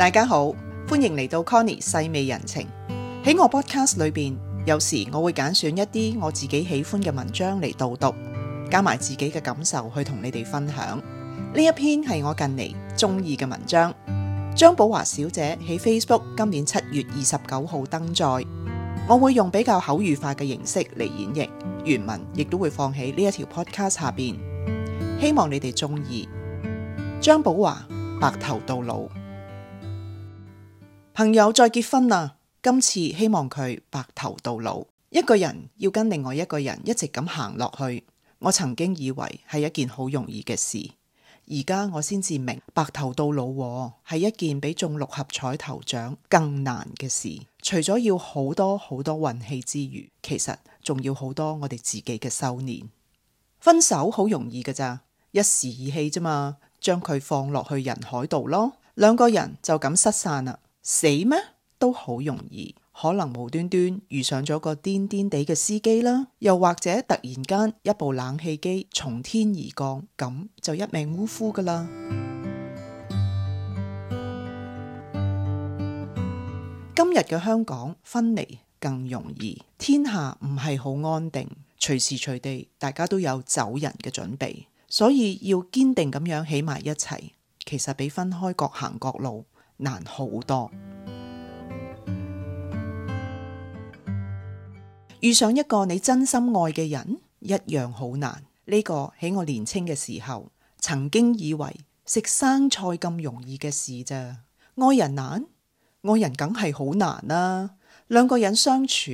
大家好，歡迎嚟到 Connie 細味人情。喺我 podcast 裏邊，有時我會揀選一啲我自己喜歡嘅文章嚟導讀，加埋自己嘅感受去同你哋分享。呢一篇係我近嚟中意嘅文章，張寶華小姐喺 Facebook 今年七月二十九號登載。我會用比較口語化嘅形式嚟演繹，原文亦都會放喺呢一條 podcast 下邊，希望你哋中意。張寶華白頭到老。朋友再結婚啦，今次希望佢白頭到老。一個人要跟另外一個人一直咁行落去，我曾經以為係一件好容易嘅事，而家我先至明白，白頭到老係一件比中六合彩頭獎更難嘅事。除咗要好多好多運氣之餘，其實仲要好多我哋自己嘅修煉。分手好容易噶咋，一時意氣咋嘛，將佢放落去人海度咯，兩個人就咁失散啦。死咩都好容易，可能無端端遇上咗個癲癲地嘅司機啦，又或者突然間一部冷氣機從天而降，咁就一命嗚呼㗎喇。今日嘅香港分離更容易，天下唔係好安定，隨時隨地大家都有走人嘅準備，所以要堅定咁樣起埋一齊，其實比分開各行各路，難好多，遇上一個你真心愛嘅人一樣好難。呢個喺我年青嘅時候曾經以為食生菜咁容易嘅事啫。愛人難，愛人梗係好難啦，啊。兩個人相處，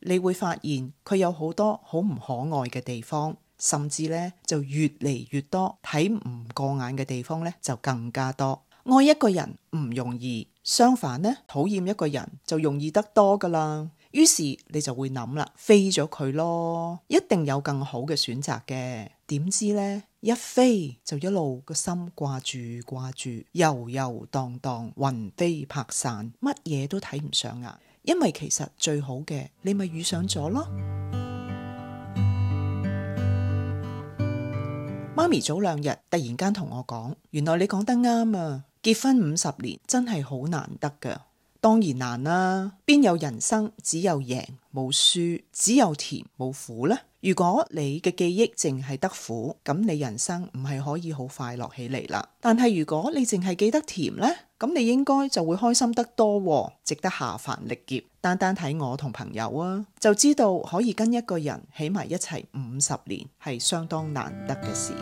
你會發現佢有好多好唔可愛嘅地方，甚至呢就越嚟越多睇唔過眼嘅地方呢就更加多。愛一個人唔容易，相反呢，討厭一個人就容易得多噶啦。於是你就會諗啦，飛咗佢咯，一定有更好嘅選擇嘅。點知呢，一飛就一路個心掛住掛住，游游蕩蕩，魂飛魄散，乜嘢都睇唔上眼。因為其實最好嘅，你咪遇上咗咯。媽咪早兩日突然間同我講，原來你講得啱啊！結婚五十年真係好難得噶，當然難啦，啊。邊有人生只有贏冇輸，只有甜冇苦呢？如果你嘅記憶淨係得苦，咁你人生唔係可以好快樂起嚟啦。但係如果你淨係記得甜呢，咁你應該就會開心得多，啊，值得下凡歷劫。單單睇我同朋友啊，就知道可以跟一個人起埋一齊五十年係相當難得嘅事。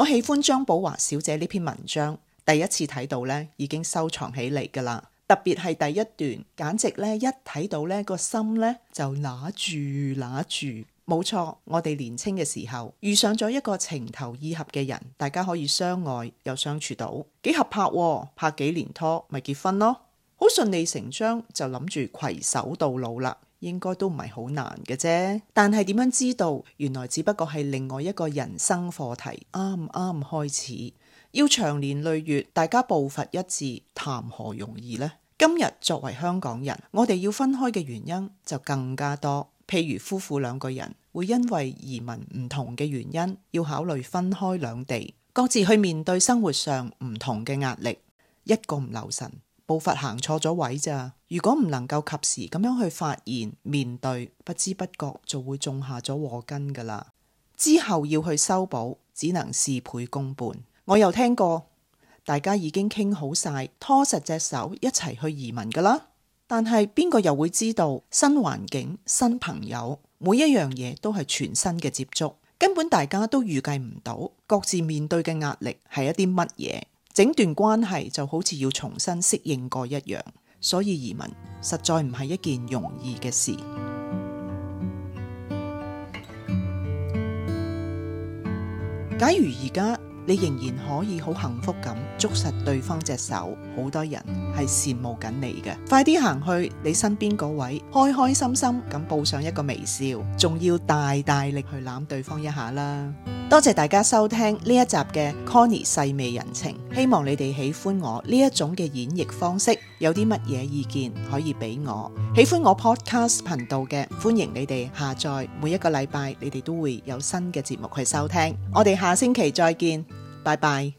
我喜歡張寶華小姐呢篇文章，第一次睇到呢已經收藏起嚟噶啦。特別係第一段，簡直呢一睇到呢個心呢，就拿住拿住。冇錯，我哋年青嘅時候遇上咗一個情投意合嘅人，大家可以相愛又相處到幾合拍，拍幾年拖咪結婚咯，好順理成章就諗住携手到老啦。應該都唔係好難嘅啫，但係點樣知道原來只不過係另外一個人生課題啱啱開始，要長年累月大家步伐一致，談何容易呢？今日作為香港人，我哋要分開嘅原因就更加多，譬如夫婦兩個人會因為移民唔同嘅原因，要考慮分開兩地，各自去面對生活上唔同嘅壓力，一個唔留神，步伐行錯咗位咋？如果唔能夠及時咁樣去發現、面對，不知不覺就會種下咗禍根噶啦。之後要去修補，只能事倍功半。我又聽過，大家已經傾好晒，拖實隻手一齊去移民噶啦。但係邊個又會知道新環境、新朋友，每一樣嘢都係全新嘅接觸，根本大家都預計唔到，各自面對嘅壓力係一啲乜嘢？整段關係就好似要重新適應過一樣，所以移民實在唔係一件容易嘅事。假如而家你仍然可以好幸福咁捉實對方隻手，好多人係羨慕緊你嘅。快啲行去你身邊嗰位，開開心心咁報上一個微笑，仲要大大力去攬對方一下啦！多謝大家收聽呢一集嘅 Connie 細味人情，希望你哋喜歡我呢一種嘅演繹方式。有啲乜嘢意見可以俾我？喜歡我 Podcast 頻道嘅，歡迎你哋下載。每一個禮拜你哋都會有新嘅節目去收聽。我哋下星期再見。拜拜。